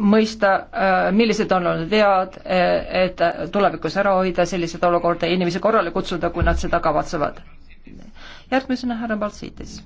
mõista, äh, millised on olnud vead, e, et tulevikus ära hoida selliseid olukorda ja inimesi korrale kutsuda, kui nad seda kavatsevad. järgmisena härra Baltsiitis